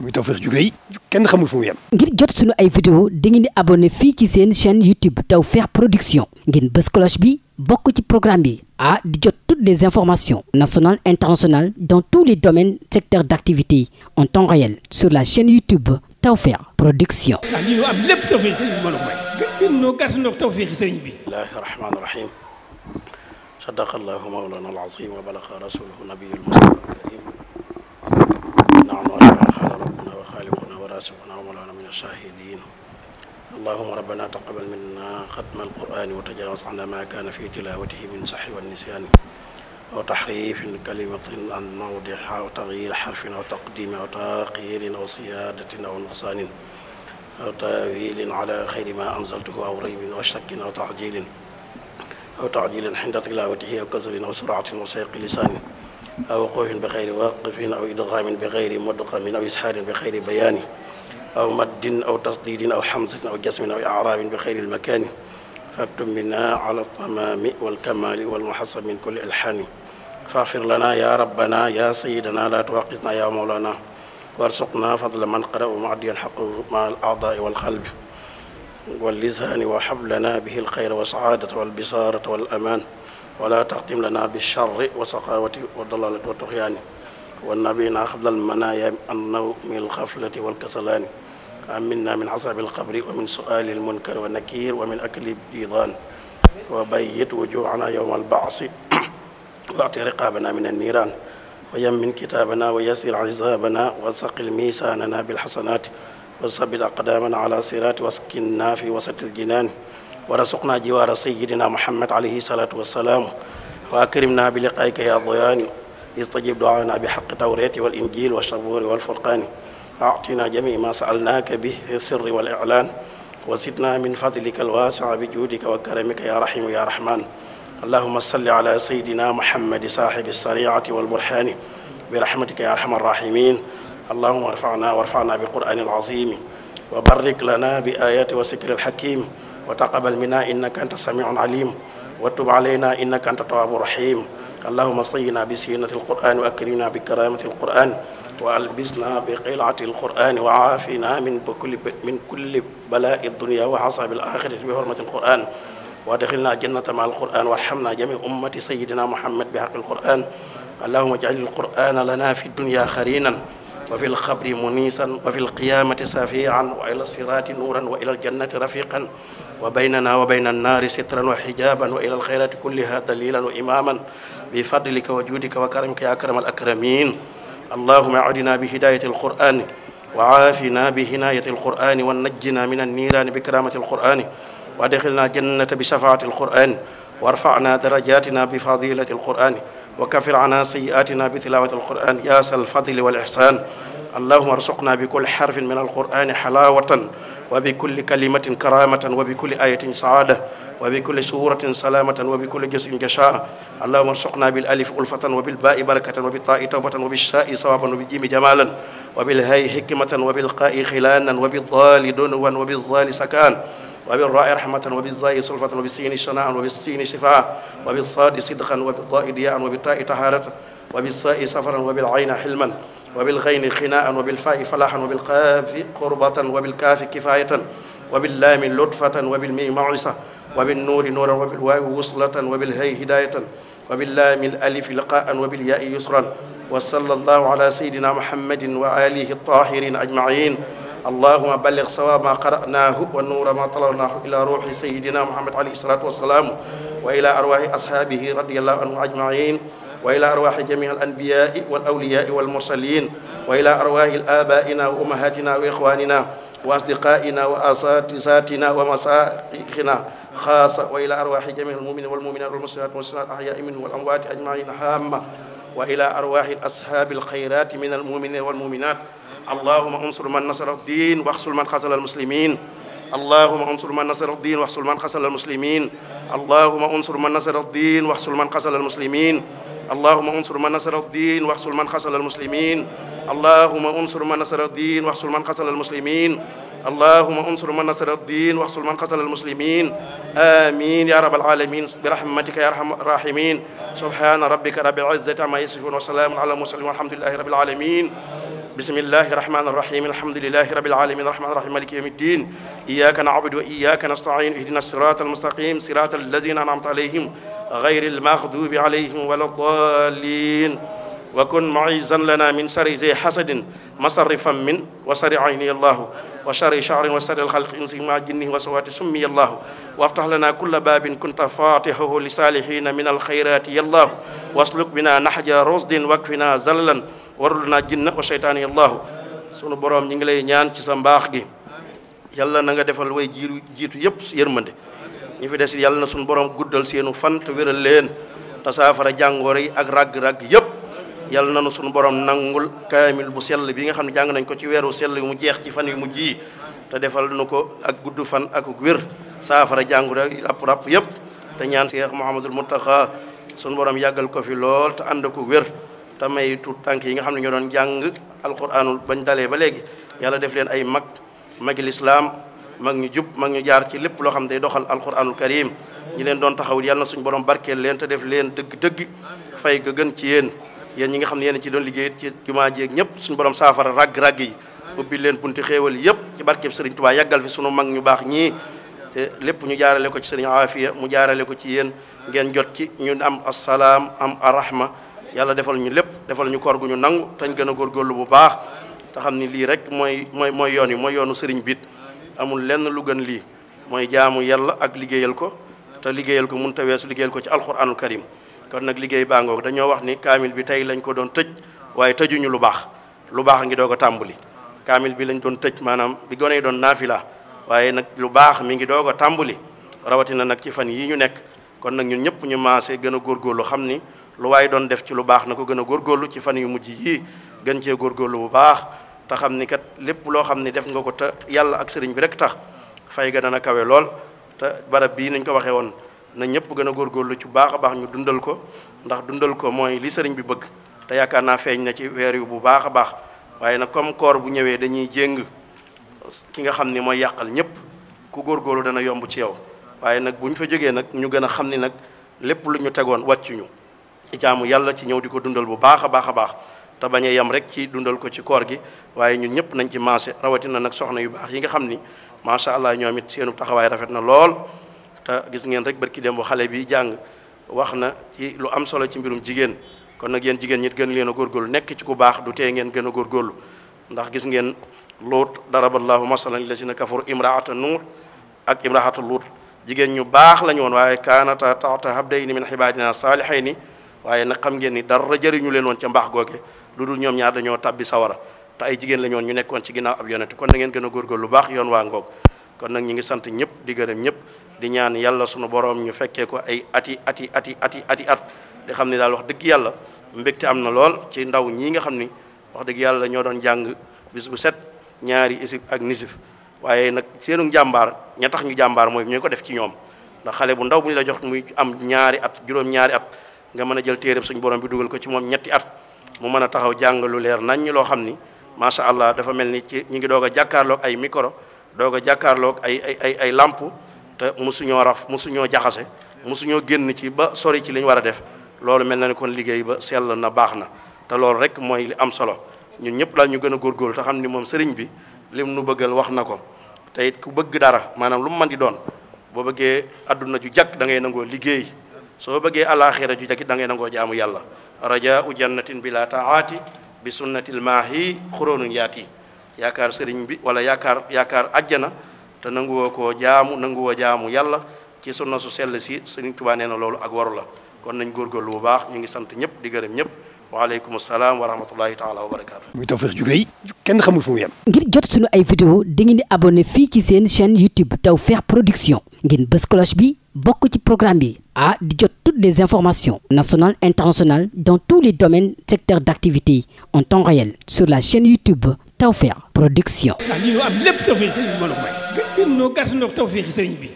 muy Tawfekh ju rëy kenn xamul fu mu yem. ngir jot sunu ay vidéo dangeen di abonné fii ci seen chaîne YouTube Tawfekh Production ngeen bës cloche bi bokk ci programme bi ah di jot toutes les informations nationales internationales dans tous les domaines secteurs d'activité en temps réel sur la chaîne YouTube Tawfekh Production. ah lii am lépp Tawfekh sëriñ bi mën a may. gën noo gàtt noo Tawfekh sëriñ bi. bismillahi rahmaani rahim. sadaqa allahu mawlana al azim wa balaqa rasuluhu nabiyul mustafa ربنا وخالقنا ورازقنا ومولانا من الشاهدين اللهم ربنا تقبل منا ختم القرآن وتجاوز عنا ما كان في تلاوته من سحر والنسيان أو تحريف كلمة عن موضعها أو تغيير حرف أو تقديم أو تأخير أو صيادة أو نقصان أو تأويل على خير ما أنزلته أو ريب أو شك أو تعجيل أو تعجيل عند تلاوته أو كسر أو سرعة أو سيق لسان aw waqufin bi xayri waqifin aw idgaamin bi xayri mudgamin aw isxaarin bi xayri bayaani aw maddin aw tasdiidin aw xamsatin aw jasmin aw i'raabin bi xayri lmakaani faktub minna ala tamaami walkamaali walmuxasab min kulli ilxaani faxfir lana ya rabbana ya sayidana la tuwaqisna ya mawlana warsuqna fadla man qara wa maadiyan xaqu ma al aadaai walxalbi واللسان وحب لنا به الخير والسعادة والبصارة والأمان wala taxtim lana bi charri wa saqawati wa dalalati wa tuxyaani wa nabina xablal manaaya an nawmi alxaflati walkasalaani aminna min xasaabi alxabri wa min suali almunkar wa nakir wa min akli bidaan wa bayit wujuhana yowma albaasi waati riqaabana min anniiraan wa yammin kitaabana wa yasir xisaabana wa saqil miisaanana bilxasanaati wa sabit aqdaamana ala siraati waskinna fi wasati aljinaani wa rasuqnaa jiwaara sayidina muhammad alayhi salaatu wassalaamu wa akrimna bi liqaayka ya dayaani istajib duaana bi xaqi tawreeti wal injil wa sabuuri wal furqaani atina jamii ma saalnaaka bi sirri wal iclaan wa zidna min fadlika alwaasica bi juudika wa karamika ya raximu ya raxmaan allahuma salli ala sayidina muhammadi saaxibi sariicati walburhaani برحمتك يا أرحم الراحمين اللهم ارفعنا وارفعنا بالقرآن العظيم وبرك لنا بآيات وسكر الحكيم wa taqabal minna innaka anta samiun alim wa tub alayna innaka anta tawaabu rahim allahuma sayyina bi sinati alquran wa akrimna bi karamati alquran wa albisna bi qilati alquran wa aafina min kulli min kulli balaa'i dunya wa asabi alaxirati bi hormati alquran wa adxilna jannata ma alquran warhamna jami ummati sayyidina muhammad bi haqi alquran allahuma ij'al alquran lana fi dunya xarinan wa fil xabri muniisan wa fil qiyaamati safian wa ila siraati nuuran wa ila aljannati rafiqan wa baynana wa bayna annaari sitran wa xijaaban wa ila alxayrati kulliha dalilan wa imaaman bi fadlika wa juudika wa karamika ya akramal akramin allahuma ahdina bi hidayati alqur'ani wa aafina bi hinaayati alqur'ani wa najjina min anniiraani bi karaamati alqur'ani wa adxilna jannata bi shafaati alqur'ani warfana darajatina bi fadilati alqur'ani وكفر عنا سيئاتنا بتلاوة القرآن يا ذا الفضل والإحسان اللهم ارزقنا بكل حرف من القرآن حلاوة وبكل كلمة كرامة وبكل آية سعادة وبكل سورة سلامة وبكل جزء جشاء اللهم ارزقنا بالألف ألفة وبالباء بركة وبالطاء توبة وبالشاء صوابا وبالجيم جمالا وبالهاء حكمة وبالقاء خلانا وبالضال دنوا وبالضال سكان وبالراء رحمة وبالزاي سلفة وبالسين شناء وبالسين شفاء وبالصاد صدقا وبالضاء ضياء وبالتاء طهارة وبالساء سفرا وبالعين حلما وبالغين خناء وبالفاء فلاحا وبالقاف قربة وبالكاف كفاية وباللام لطفة وبالميم موعصة وبالنور نورا وبالواو وصلة وبالهي هداية وباللام الألف لقاء وبالياء يسرا وصلى الله على سيدنا محمد وآله الطاهرين أجمعين allahuma balligh sawa ma qara'naahu wa nuura ma talawnaahu ila ruuxi sayidina muhammad alayhi salaatu wasalaamu wa ila arwaaxi ashaabihi radiallahu anhu ajmain wa ila arwaaxi jamii al anbiyaai wal awliyaai wal mursalin wa ila arwaaxi al aabaaina wa umahatina wa ixwanina wa asdiqaina wa asatisatina wa masaixina xaasa wa ila arwaaxi jamii al muminina wal muminat wal muslimat muslimat ahyaai minhum wal amwaati ajmain haama wa ila arwaaxi ashaabi al xayraati min al muminina wal muminat allahuma unsur man nasara din waxsul man xasala almuslimin allahuma unsur man nasara din waxsul man xasala almuslimin allahuma unsur man nasara din waxsul man xasala almuslimin allahuma unsur man nasara din waxsul man xasala almuslimin allahuma unsur man nasara din waxsul man xasala almuslimin allahuma unsur man nasara din waxsul man xasala almuslimin amin ya rabbal alamin bi rahmatika ya arhamar rahimin subhana rabbika rabbil izzati amma yasifun wa salamun ala mursalin walhamdulillahi rabbil alamin bismillahi rahmani rahim alhamdulilahi rabil alamin rahmani rahim maliki yawmi ddin iyyaka na'budu wa iyyaka nasta'in ihdina sirata almustaqim sirata allazina an'amta alayhim ghayri almaghdubi alayhim wala ddallin wa kun mu'izan lana min sharri zi hasadin masarrifan min wa sharri ayni allahu wa sharri sha'rin wa sharri al-khalqi insi ma jinnihi wa sawati summi allahu waftah lana kulla babin kunta fatihahu li salihina min al-khayrati ya allahu wasluk bina nahja rusdin wakfina zallan warul na jinna wa sheytaani allahu sunu boroom ñi ngi lay ñaan ci sa mbaax gi yàlla na nga defal way jiitu jiitu yëpp yërmande ñi fi des yàlla na sunu borom guddal seenu fan te wéral leen te saafara jàngoor yi ak ràgg-ràgg yëpp yàlla na nu sunu borom nangul kaamil bu sell bi nga xam ne jàng nañ ko ci weeru sell yu mu jeex ci fan yu mu ji te defal nu ko ak gudd fan ak wér saafara jàngoro ràpp ràpp yëpp te ñaan Seex Muhammadul Muntaxa sunu borom yàggal ko fi lool te ànd ko wér te may tuut tànk yi nga xam ne ñoo doon jàng alquranul bañ dalee ba léegi yàlla def leen ay mag magi lislaam mag ñu jub mag ñu jaar ci lépp loo xam day doxal alquranul karim ñi leen doon taxaw yàlla na suñu borom barkeel leen te def leen dëgg-dëgg fay ga gën ci yéen yéen ñi nga xam ne yéen ci doon liggéey ci jumaa jeeg ñëpp suñu borom saafara ragg-ragg yi ubbi leen bunti xéewal yëpp ci barkeb sëriñ Tuubaa yàggal fi sunu mag ñu baax ñii lépp ñu jaarale ko ci sëriñ Aafiya mu jaarale ko ci yéen ngeen jot ci ñun am asalaam am arrahma yàlla defal ñu lépp defal ñu koor gu ñu nangu tañ gën a góorlu bu baax te xam ni lii rek mooy mooy mooy yoon yi mooy yoonu sëriñ biit amul lenn lu gën lii mooy jaamu yàlla ak liggéeyal ko te liggéeyal ko mun ta weesu liggéeyal ko ci alxuraanul karim kon nag liggéey bàngoog dañoo wax ni kaamil bi tey lañ ko doon tëj waaye tëjuñu lu baax lu baax ngi doog a tàmbali kaamil bi lañ doon tëj maanaam bi gone yi doon naafila waaye nag lu baax mi ngi doo tàmbali rawatina nag ci fan yii ñu nekk kon nag ñun ñëpp ñu maase gën a góorgóorlu xam ni lu waaye doon def ci lu baax na ko gën a góorgóorlu ci fan yu mujj yii gën cee góorlu bu baax te xam ni kat lépp loo xam ni def nga ko te yàlla ak sëriñ bi rek tax fay ga dana kawe lool te barab bii nañ ko waxee woon na ñëpp gën a góorgóorlu ci baax a baax ñu dundal ko ndax dundal ko mooy li sëriñ bi bëgg te yaakaar naa feeñ na ci weer yu bu baax a baax waaye nag comme koor bu ñëwee dañuy jéng ki nga xam ni mooy yàqal ñëpp ku góorgóorlu dana yomb ci yow waaye nag bu ñu fa jógee nag ñu gën a xam ni nag lépp lu ñu tegoon wàccuñu jaamu yàlla ci ñëw di ko dundal bu baax a baax a baax te bañ a yem rek ci dundal ko ci koor gi waaye ñun ñëpp nañ ci maase rawatina nag soxna yu baax yi nga xam ni macha allah ñoom it seenu taxawaay rafet na lool te gis ngeen rek ki dem bu xale bi jàng wax na ci lu am solo ci mbirum jigéen kon nag yéen jigéen ñi gën leen a góorgóorlu nekk ci ku baax du tee ngeen gën a góorgóorlu ndax gis ngeen luut daraballahu masalan lillazina kafaru imraata nuur ak imraata luut jigéen ñu baax lañu woon waaye kaanata taxta habdayni min xay ni waaye nag xam ngeen ni dara jëriñu leen woon ca mbaax googe lu dul ñoom ñaar dañoo tabbi sawara te ay jigéen lañu woon ñu nekkoon ci ginnaaw ab yonent kon na ngeen gën a lu baax yoon waa ngoog kon nag ñi ngi sant ñëpp di gërëm ñëpp di ñaan yàlla sunu boroom ñu fekkee ko ay ati ati ati ati ati at di xam ni daal wax dëgg yàlla mbégte am na lool ci ndaw ñii nga xam ni wax dëgg yàlla ñoo doon jàng bis bu set ñaari isib ak nisif waaye nag seenu njàmbaar ña tax ñu jàmbaar mooy ñooy ko def ci ñoom ndax xale bu ndaw bu ñu la jox muy am ñaari at juróom-ñaari at nga mën a jël téereb suñu borom bi dugal ko ci moom ñetti at mu mën a taxaw jàng lu leer nañ ñi loo xam ni macha allah dafa mel ni ci ñu ngi doog a jàkkaarloog ay micro doog a jàkkaarloog ay ay ay ay làmp te mosuñoo raf mosuñoo jaxase mosuñoo génn ci ba sori ci li ñu war a def loolu mel na ni kon liggéey ba sell na baax na te loolu rek mooy li am solo ñun ñëpp daal ñu gën a góorgóorlu te xam ni moom sëriñ bi lim nu bëggal wax na ko te ku bëgg dara maanaam lu mu mën di doon boo bëggee àdduna ju jag da ngay nangoo liggéey soo bëggee alaxira ju jag it nangoo jaamu yàlla rajaau jannatin bila taati bi sunnatil maahi xuróonun yi yaakaar sëriñ bi wala yaakaar yaakaar ajjana te nanguwoo koo jaamu nanguwoo jaamu yàlla ci sunna su sell si sëriñ Tuubaa nee na loolu ak warula kon nañ góorgóorlu bu baax ñu ngi sant ñëpp di gërëm ñëpp waaleykum salaam wa rahmatullahi taala wa barakaatu. muy tawfeex ju rëy kenn xamul fu mu ngir jot sunu ay vidéo dangeen di abonné fii ci seen chaîne YouTube Tawfekh Production ngeen bës cloche bi bokk ci programme bi a di jot toutes des informations nationales internationales dans tous les domaines secteurs d'activité en temps réel sur la chaine YouTube Tawfekh Production. ah lii loo